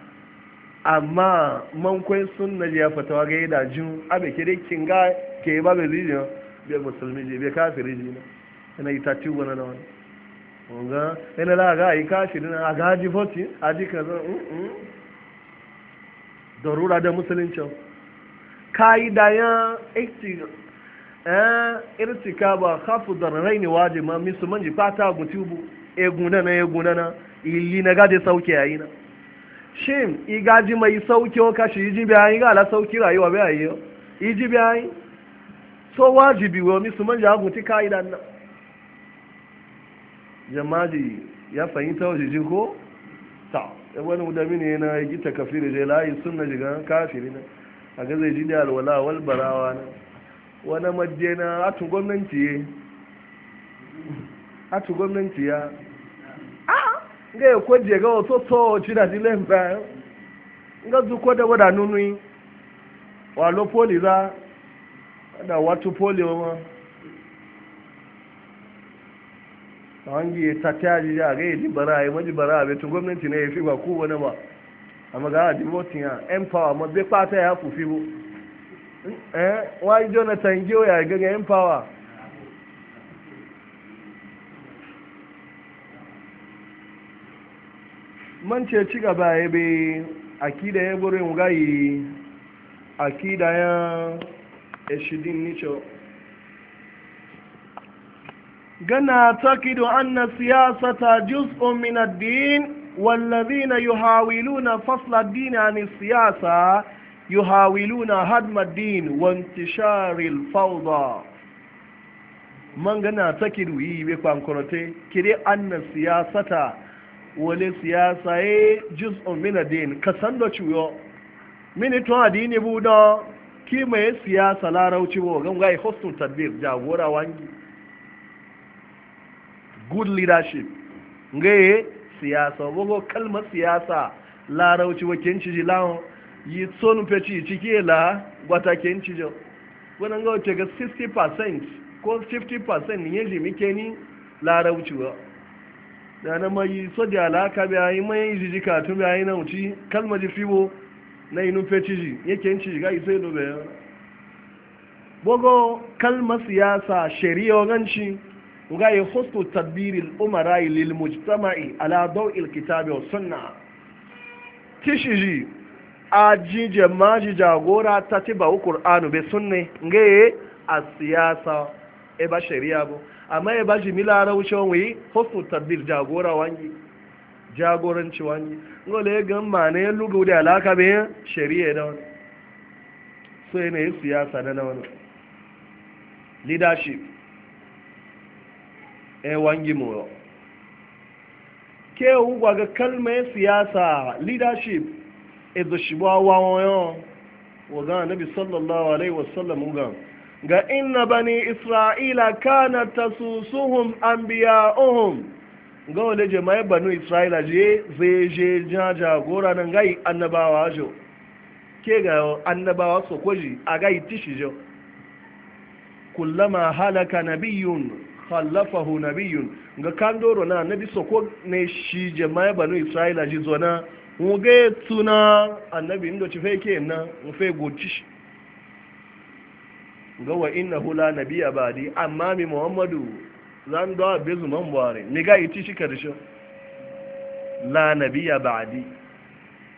Speaker 1: amma mankwai kwai sunna ya fatawa ga yada jin abe ke dai kin ga ke ba be zijo be musulmi ji be kafiri ji na ina ita ci wani na wani wanga ina la ga yi kafiri na ga ji foti aji kaza zan mm, mm. darura da musulunci kai da ya ikti eh irtika ba khafu darrain wajima misu manji fata gutubu eguna na eguna na yi na sauke yayi na shin igaji mai sauki o kashi iji bayan ga ala sauki rayuwa bayan yi iji bayan so wajibi wa musulman ja ti ka'ida na jamaji ya fahimta wa jiji ko ta e wani mudami ne na yi gita kafiri zai layi suna jiga kafiri na a ga zai ji da alwala wal barawa na wani madina atun gwamnati ya atun gwamnati ya nga ekweje ga ototo chira dile mba nga zuko da wada nunui walo poli za da poli wa a tataji ya ga yi bara yi maji bara be to gwamnati ne fi ba ku wani ba a ga di voting ya empower ma be pata ya fufi bo eh why Man ce ci gaba ya be akida ya buru yin gayi akida ya eshidin nicho gana ta takidu anna siyasata jus min ad-din wallazina yuhawiluna fasla ad-din an siyasa yuhawiluna hadma ad-din wa intisharil fawda man gana ta takidu yi be kwankorote kire anna siyasata wani siyasa yi eh, jus on mina din kasan da ciwo mini to adini bu da ki mai siyasa larauci bo gan gai hostun tadbir jagora wangi good leadership ngaye siyasa bogo kalma siyasa larauci kenci ji lawo yi tsonu feci ciki la gwata kin cijo wannan ga ga 60% ko 50% ne yaji mike ni larauci wa da na mai so alaka bi ayi mai jiji ka to bi ayi na uti kalma ji fibo na inu fetiji yake yin ga ise do be bogo kalma siyasa shari'a ganci ga yi hosto tadbiri umara lil mujtama'i ala dawi al-kitabi wa sunna tishiji aji jamaji jagora tatiba tiba qur'anu be sunne ngaye a siyasa e ba shari'a bo amma ya ba shi mila wuce wani hosu tabbir jagora wangi jagoranci wangi ngole ya gan mane ya lugu da alaka bai shari'a da wani so yana yi siyasa na wani leadership e wangi mu ke ugwa ga kalmar siyasa leadership ezo shibawa wawan yawon wa ga nabi sallallahu alaihi wasallam ugan ga inna bani isra'ila kana tasusuhum anbiya'uhum ga wale jama'i banu isra'ila je zai je jaja gora nan gai annabawa jo ke ga annabawa so koji a gai tishi jo kullama halaka nabiyyun khallafahu nabiyyun ga kandoro na nabi so ko ne shi jama'i banu isra'ila ji zona mu ga tuna annabi ndo ci ke na mu fe go tishi ga wa inna hula nabiya ba di amma mi muhammadu zan dawa bezu man buhari mi ga iti shi karshe la nabiya ba di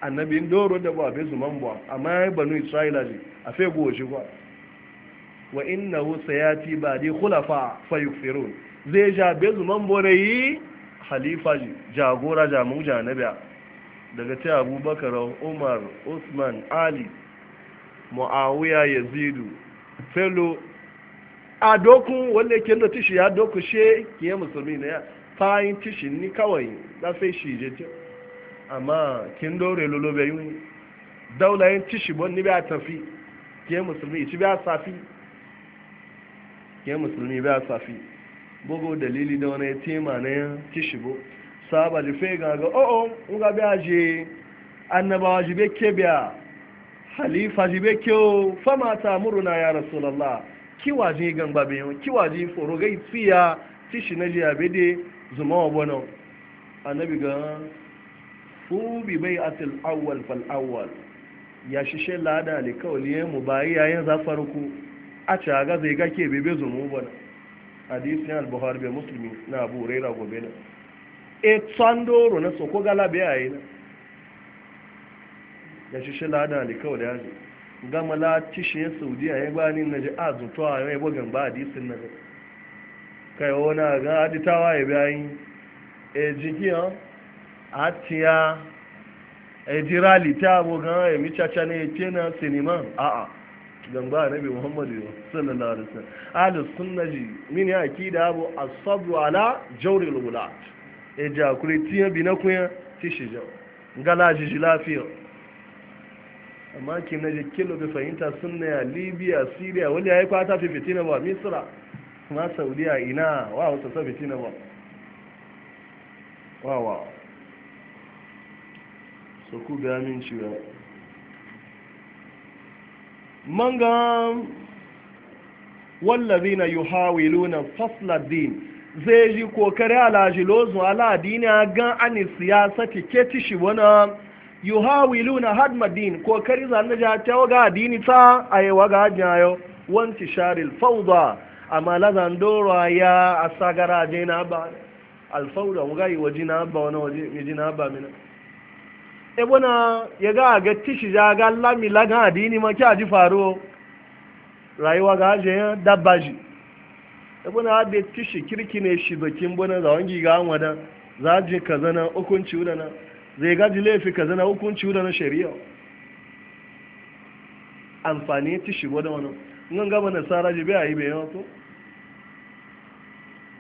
Speaker 1: annabin doro da ba bezu man buhari amma ya banu isra'ila ji a fe go shi kwa wa inna hu sayati ba di khulafa fa yukfirun zai ja bezu man buhari halifa ji jagora jamun janabiya daga ta abubakar umar usman ali muawiya yazidu felo a dokun wanda ke da tishi ya doku she ke musulmi na ya fayin tishi ni kawai na fai shi je te amma kin dore lolo bai yi daula yin tishi bon ni ba tafi ke musulmi ci ba safi ke musulmi ba safi bugu dalili da wani tema na ya tishi bo saba da fai ga ga oo oh, oh, nga ba je annabawa jibe ke biya halifa ji be kyau fama ta muruna ya rasulallah kiwaji gamba be yau kiwaji foro gai tsiya shi na jiya be de zuma wa bono annabi ga fu bi bai atil awwal fal awwal ya shishe lada ne kawai ya mu bayi yayin za farko a ci ga zai ga ke bebe zumu bana hadisi al buhari be muslimi na abu raira gobe na e tsandoro na soko gala be yayin na ya shi shi lada ne kawai da yaji gama latishi ya saudiya ya gbani na ji azuto a yau bugan ba na ga aditawa e ya bayan e a tiya e jira lita ya mi caca na sinima sallallahu alaihi wasallam min ya akida abu e tishi amma kin na jikin lobe fahimta sunna ya libya syria wani ya yi kwata fi fitina ba misra ma saudiya ina wa wata sa fitina ba wa wa so ku ga min ciwa manga wallazina yuhawiluna fasla din zai ji kokari ala jilozun ala dini ani siyasa ke ci wani yuhawiluna hadma din kokari zanna ja tawo ga dini ta ayewa ga jayo wanti sharil fawda amma la zandoro ya asagara je na ba al fawda mu yi waje na ba wani waje ji na ba mina e bona ya ga ga tishi ja ga lami la ga dini ma kya ji faro rayuwa ga je dabbaji e bona da tishi kirki ne shi bakin bona zawangi ga an wada za je kazana hukunci wudana zai gaji laifi ka zana hukunci da na shari'a amfani ta shigo da wani nan gaba na tsara jibe a yi bai yawa to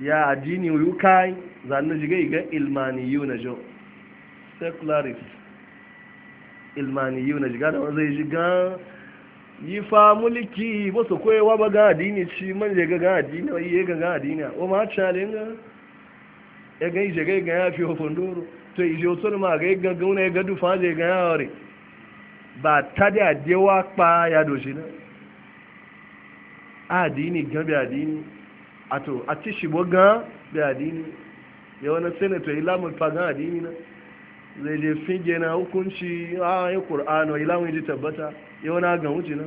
Speaker 1: ya addini yi kayan zanen jigai ga yi na jo secularist yi na jiga da wani zai jiga yi fa mulki ba su wa ba ga addini ci man ga ga addini wa yi ga addini o ma calin ga ya ga yi ga ya fi hukun doro to ìṣe òtún ma ga gangan na ga dufa je ga ya ore ba ta da pa ya do shi na gan bi adini ato ati shibo gan bi adini ya wani senator ilamun fa gan adini na zai je finge na hukunci a yi ƙur'ano ilamun ji tabbata ya wani gan wuce na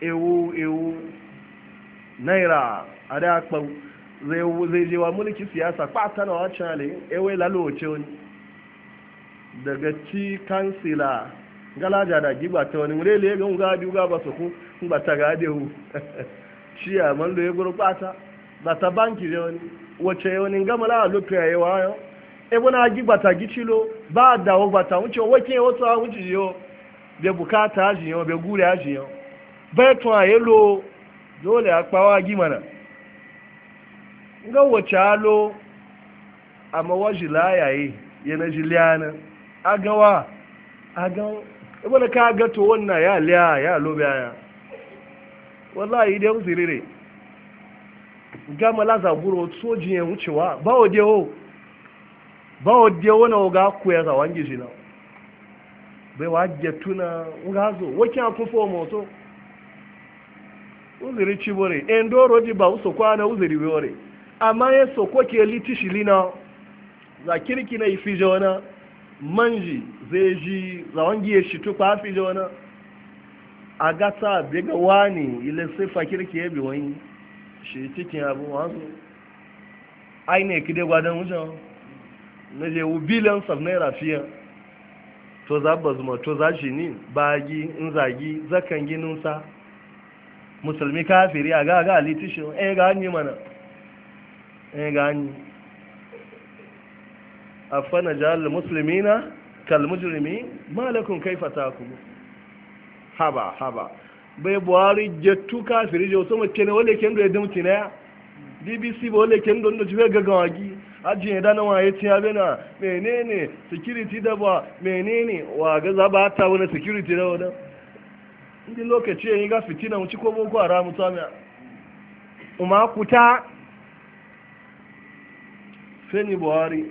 Speaker 1: ewu ewu naira a da zai mulki siyasa kwata na wacce ne ewe laloce wani daga ti kansila galaja da giba ta wani wuri lega ga biyu ga ba su ku ga a man da ya guru bata ba banki wani wacce wani gama la lutu ya ebe eh na ba a wuce yo bukata nga wace alo a mawaji layaye yana jiliana liyana agawa agan ka gato wannan ya liya ya lobe aya wallahi dai mu sirire gama la zaburo soji ya wucewa ba o dewo ba o dewo na oga ku ya za wangi jina bai wa getuna oga zo wakin akun fo moto uziri chibore endoro ji ba usokwana uziri biore amma ya soko ke liti shilina za kirki na ifi jona manji zai ji za wangi ya shitu kwa fi jona a gata daga wani ile sifa kirki ya bi wani shi cikin abu wasu aine kide gwadon wucin na je biliyan sab naira fiye to za ba zuma to za shi ni bagi in zagi zakan gininsa musulmi kafiri a ga ga litishin eh ga hanyi mana ya eh, gani afana jihar musulmi na kalmujirimi malakun kai fata haba haba bai buhari jettu kafiri je wasu mace ne wale kendo e ya dimci na ya bbc ba wale kendo da cife gagawagi ajin ya e dana waye tiya bena menene security da ba menene wa ga za ba ta wani security da wani ndi lokaci ya e yi ga fitina wuci ko boko haramu samiya umakuta feni buhari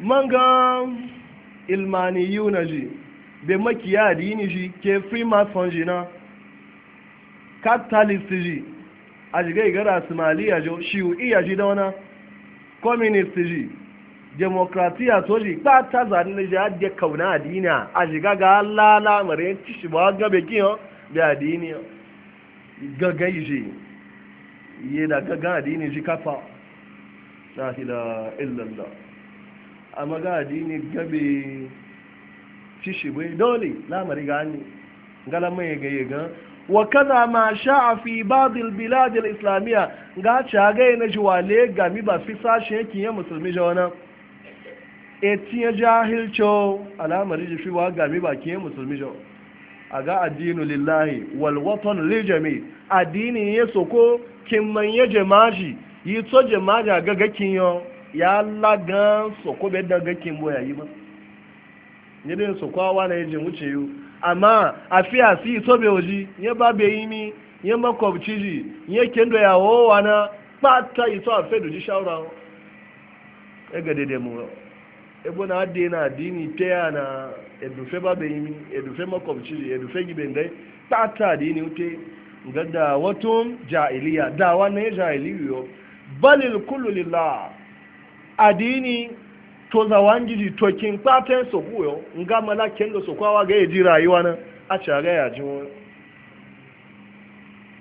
Speaker 1: manga ilmani yuna ji be makiya adini ji ke freemason ji na catalyst ji a jiga igara somaliya jo shiu'iya ji da communist ji demokratiya to ji ba ta zane ji adde kauna adini a jiga ga lala mare ci shi ba gabe kiyo da adini gagai ji yana gaga adini ji kafa na ila illallah amma ga adini gabe cishi bai dole lamari gani galama ya gaye gan wa kaza ma sha a fi ba al-bilad al-islamiyya ga na ne wale gami ba fi sashe yake ya musulmi ya e jahil co alamari ji fi wa gami ba ke musulmi a ga addinu lillahi wal watan li addini ya soko kin jemaji yi to jemaji a ya lagan soko bai da gakin boya yi ba ne soko awa na yaje wuce yau amma a fiya si to bai nye ba be yi mi nye makwabci ji ya kendo ya na pata yi to a ji shawara ya ga daidai mu ebo na na edufe ba yi mi edufe ji edufe ndai pata ga dawatun jahiliya dawa ne jahiliyo balil kullu lillah adini to jiji to kin paten so kuyo nga mala kenga so kwawa ga yaji rayuwa na a ci ga yaji wani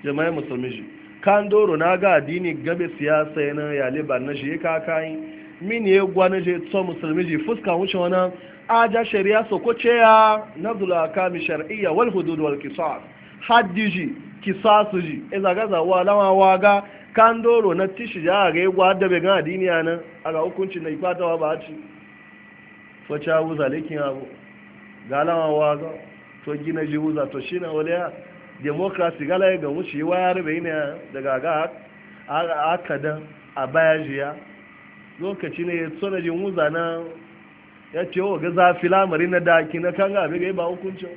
Speaker 1: jama'a musulmi kan doro na ga adini gabe siyasa yana ya liban na shi ka kai min ya e na je to musulmi ji fuska wuce wani aja shari'a so ko ce ya nazula kami shar'iyya wal hudud wal qisas haddiji kisasu ji iza ga zawa lama waga kan doro na tishi ya ga yi da bai gan adini nan ga hukuncin na ifatawa ba a ci wace abu zalikin abu ga lama waga to gina ji wuza to shi na waliya demokrasi gala ya ga wuce wa ya rabe ina daga ga dan a baya jiya lokaci ne ya tsona ji wuza na ya ce wa ga zafi lamari na daki na kan ga abin ga ba hukuncin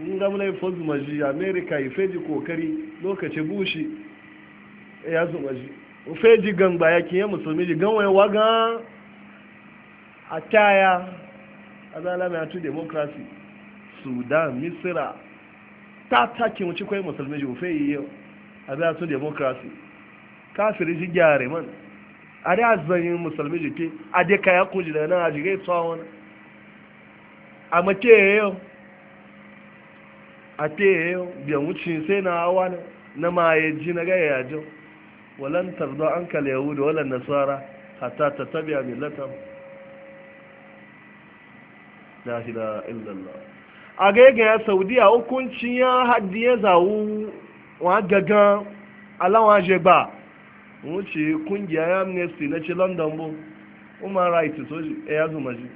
Speaker 1: in ga mulai fozu maji america yi feji kokari lokaci bushi eh, ya zo maji feji gangba ya kiyan musulmi ji ganwaye waga a taya a zalama tu democracy sudan misira ta take wuce kwai musulmi ji ofe yi yau a za demokrasi democracy kafiri shi gyare man a da zanyi musulmi ke a dai kaya kuji da nan a jigai tsawon a mace yau a fiye biyan wuce sai na hawa ne na mayaji na gaya yajin walan tardo an kala da walan nasara hata ta tabiya na la ila illallah a ga yaga ya saudiya hukuncin ya haddi ya zawu wa gaga alawa je ba wuce kungiya ya amnesty na ci london bu human rights ya zuma ji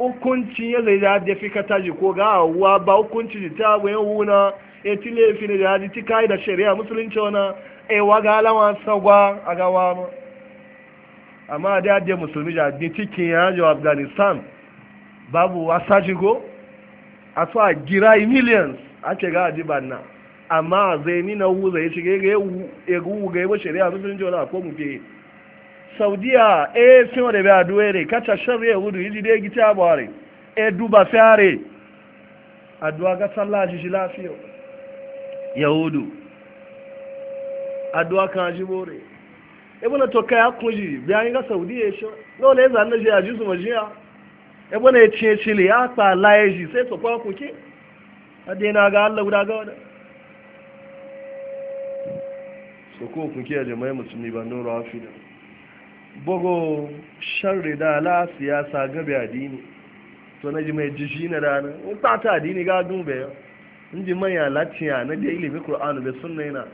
Speaker 1: hukuncin ya zai da da fika taji ko ga wa ba hukuncin ta bayan wuna e tile fi ne da ti kai da shari'a musulunci wana e wa ga lawa sagwa a ga wa amma da da musulmi da da cikin ya jo Afghanistan babu wasaji go a so a gira millions ake ga adiban na amma zai ni na hu zai shige ga ya e gu ga shari'a musulunci wana ko mu fiye saudiya e eh, fiye da biya duwere kacha shari shari'a hudu yi jide gita buhari e duba fiyare addu'a ga sallah shi lafiya hudu addu'a kan ji bore ibuna to kai akuji biyan ga saudiya shi dole yanzu ji a jisu majiya ibuna ya ce chile ya ta laye shi sai to kwa kuke adina ga Allah guda ga wani so ko kuke jama'i musulmi ba nuru afida bugu sharri da la siyasa gabe adini to na ji mai jishi na rana in ta ta adini ga dube ya in ji manya latiya na da ilimi kur'anu da sunna yana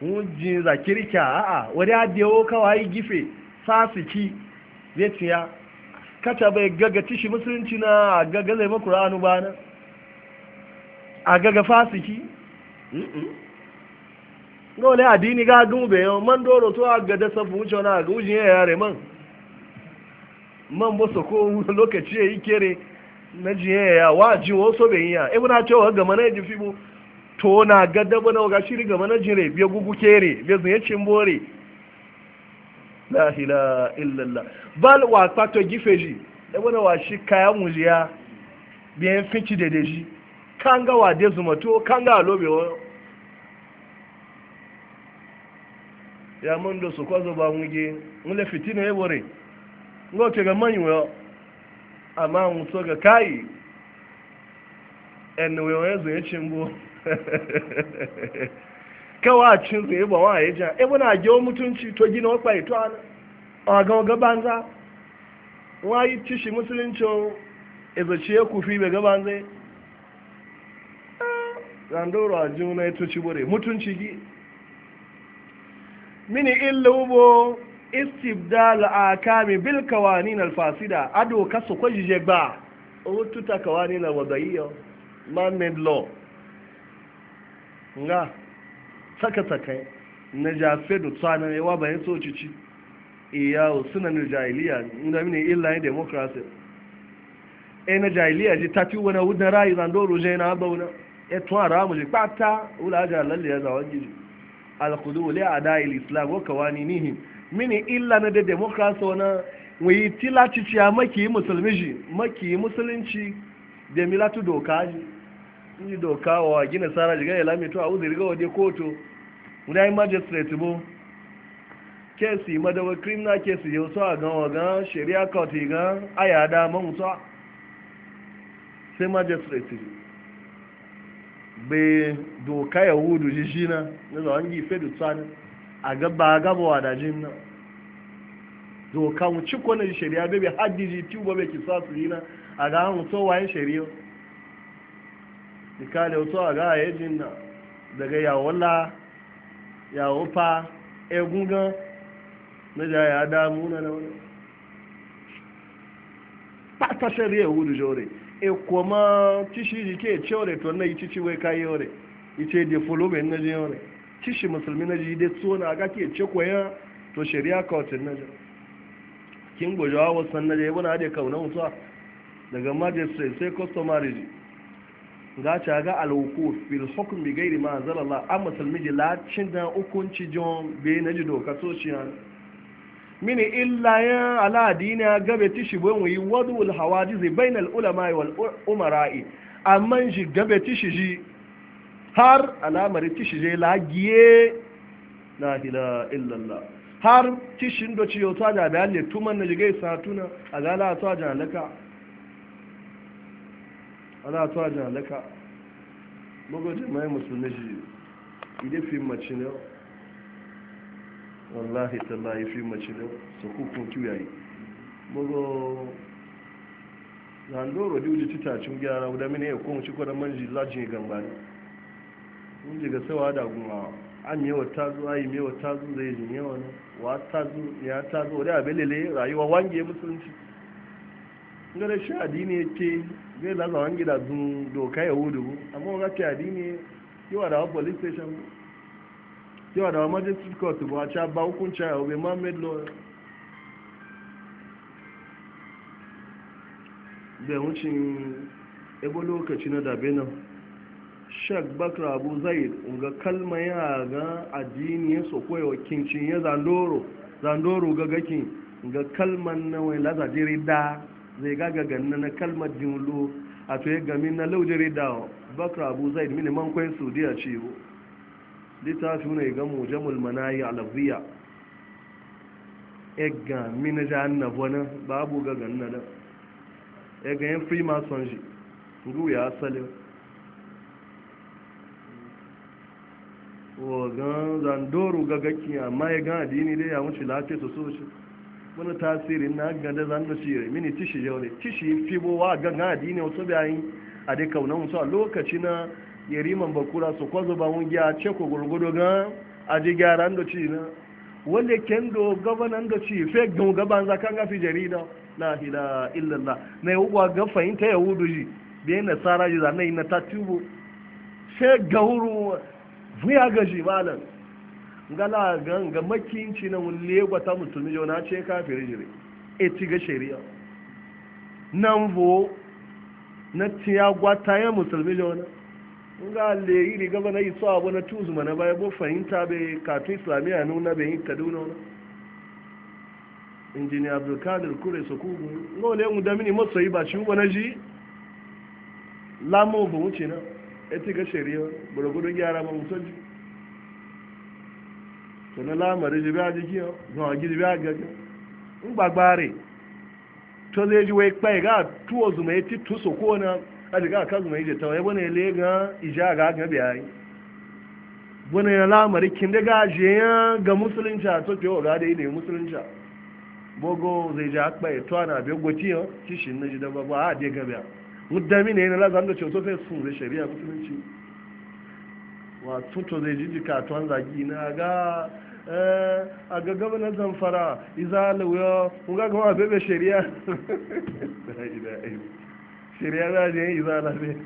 Speaker 1: in ji zakirka a wani adiyawo kawai gife sasiki zai tiya kata bai gaga tishi musulunci na a gaga zai Kur'anu ba na a gaga fasiki mm -mm. ngole adini ga gumu be yo man doro to aga da sabu wuce na ga wujin ya yare man man bo so ko lokaci ya kere na ji ya wa ji wo so be ya e buna cewa ga mana ji fibo to na ga da bana ga shiri ga mana jire be gugu kere be zun ya cimbore la ilaha illallah bal wa pato gifeji e bana wa shi kaya muliya biyan finci dedeji kanga wa dezumato kanga alobe wo ya mando su kwazo ba nwuge nwule fitina ya wore ngo ga ga manyo amma mutu ga kai en we we zo yace mbo kawa cin zai ba wa yaja e bana ge mutunci to gina wakwa ito ana a ga ga banza wayi tishi musulunci ezo ce ya kufi be ga banza ah, randoro ajuna ito ci bore mutunci gi mini illa ubo istibdal akami bil kawanin al fasida ado kaso ko jije gba o tuta kawanin al wadaiyo man made law nga saka saka na jafe do tsana ne wa bayan socici iya sunan jahiliya inda mini illa ne democracy e na jahiliya ji tafi wani wudan rayu zan doro je na bauna e tun ara mu ji pata ula ja lalle ya zawon gidi alkhulu li adai alislam wa kawaninihim mini illa na da demokrasi wana wayi tilaci ciya maki musulmi ji maki musulunci da milatu doka ji ni doka wa gina sara jiga ya lami to a uzuri ga wade koto wani yi magistrate bo kesi madawa criminal kesi yau so a gan wagan shari'a court ga aya da man sai magistrate bai doka yahudu ji shi na na yi fe da tsani a gaba gaba jin na doka mu ci kwanan shari'a bai bai haddi ji ba bai kisa su yi na a ga hannun tsowayen shari'a da da wato a ga yajin na daga yawola yawofa egungan na ja ya damu na na wani ba ta shari'a yahudu jore ekoma cishi ke cewa to na yi ciwe kayi yore ice da fulomen na je ore. cishi musulmi na ji dai tsona aga ke ce koya to shari'a kawacin na je kin gojawa san na je yabo na da kauna mutuwa daga majalisai sai customary ji ga ta ga alwuku fil hukm bi gairi ma zalala amma musulmi ji la cin da hukunci jon be na ji doka sociyal mini illa ya aladina gabe tishi bon wi wadul hawadizi bainal ulama wal umara'i amman shi gabe tishi ji har alamar tishi je lagiye la ilaha illallah har tishin do ciyo ta da da ne tuman na jigai satuna a gala ta ja laka ala ta ja laka mugo jama'i musulmi ji ide fi macin yau wallahi tallahi fi mace da su kukun kiyaye bugu zandoro diuji titacin gyara da mini ya kuma ci kwanan manji lajin gambani mun ji ga sawa da guma an yi wata a yi mai wata zu zai jin yawa na wa ta zu ya ta zu wadda abin lele rayuwa wange musulunci ngare shi adini ya ce zai lasa wange da zun doka yahudu amma wani ake addini yawa da wa police station Yau da majestic court ba a ca ba hukunci a obi mohamed lawyer na dabe nan shek bakar abu ga kalma ya ga addini ya ya zandoro zandoro ga ga na wai lazajiri da zai ganna na jinlo a to ya gami na laujiri da abu mini man saudiya ce littafi ne ga mujamul manayi alabiya ega mini ja annabo nan babu ga ganna da ega yin freemason shi ngu ya asali wagan zandoro ga gaki amma ya gan adini dai ya wuce lafiya su so shi wani tasiri na gada zan da shi mini tishi yau ne tishi fi bowa ga gan adini wasu bayan a dai kaunan wasu a lokaci na yariman bakura su kwazo ba mun gya ce ko gurgudu ga aji gyara da ci na wanda kendo gabanan da ci fe gan gaban za kan gafi jarida la ila illallah na yuwa ga fahimta yahudu ji bi na sara ji zanai na tatubu fe gauru vuya ga ji malam ngala gan ga makinci na lewa ta musulmi jona ce kafiri jire e ci ga shari'a nan vo na tiya gwata ya musulmi jona nga le iri gaba na iso abu na tuzu mana baya bo fahimta be katun islamiyya na be yin kaduna wani injiniya abdulkadir kure su kugu nga wale yin da mini yi ba shi wani ji lamo ba wuce na eti ga shari'a burgudu gyara ba mutum ji to na lamari ji biya jiki no a gidi a. gaji in gbagbare to zai ji wai kpai ga tuwo zuma ya titu so ko na ajiga kan mai je tawai bane le ga ija ga ga biyayi bane ya lamari kin daga je ya ga musulunci to ke ga dai ne musulunci bogo zai ja akpa e to ana be goti yo kishin na jida babu a de ga biya muddami ne na la zan da ce to fe sun zai shari'a musulunci wa tuto zai ji ka to an zagi na ga eh, a ga gabanin zamfara izalawa kun ga gama bebe shari'a shirya za je yi za zana ne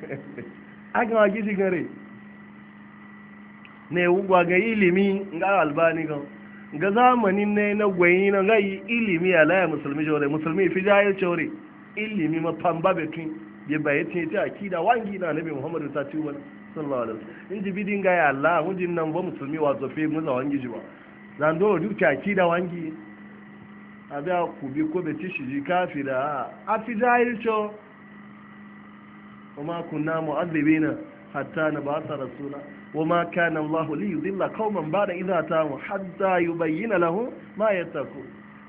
Speaker 1: aka wa gidi gare ne wa ga ilimi ga albani ga ga zamanin ne na gwayi na ga ilimi a laye musulmi jore musulmi fi jayar jore ilimi mafan betun ya bayi tun ita akida wangi na nabi muhammadu ta ci wani sallallahu alaihi wasallam inji bidin ga ya Allah mujin nan ba musulmi wa zofe mu za wangi ji ba zan do duk da wangi abia kubi ko betishi kafira fi jayar jore وما كنا معذبين حتى نبعث رسولا وما كان الله ليذل قوما بعد إذا تاموا حتى يبين لهم ما يتقون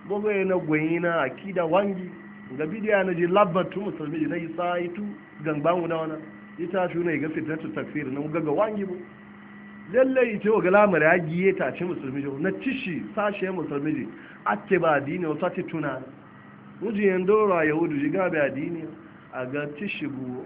Speaker 1: bogo yana gwayina وانجي kida wangi ga na ji labbatu musulmi na yi sa'itu gangban mu da wani ita shi ne ga fitnatu takfir na gaga wangi bu lalle ita wa galamar ya giye ta ce musulmi jo na tishi sashe musulmi a atte ba dini wata ti tuna a yahudu ji gabe a dini a ga tishi buwo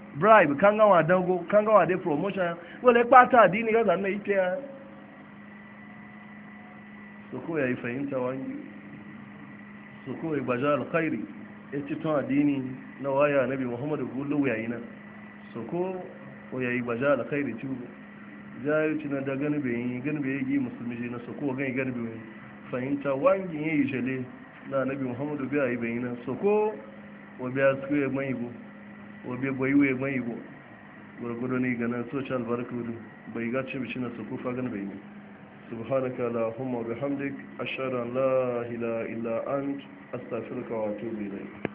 Speaker 1: bribe kanga wa dango kanga wa de promotion wale pata dini gaza na ite ya soko ya ifahimta wangi soko ya baja alkhairi eti adini na waya nabi muhammadu gullu ya ina soko ya yi alkhairi tubu tina da gani yi gani yi musulmi soko bi obe gwaiwe mai igbo gwargwado ne ganin social barcode bai gace bishi na su kufa gan bai ne subhanaka la humma bihamdik ashhadu an la ilaha illa ant astaghfiruka wa atubu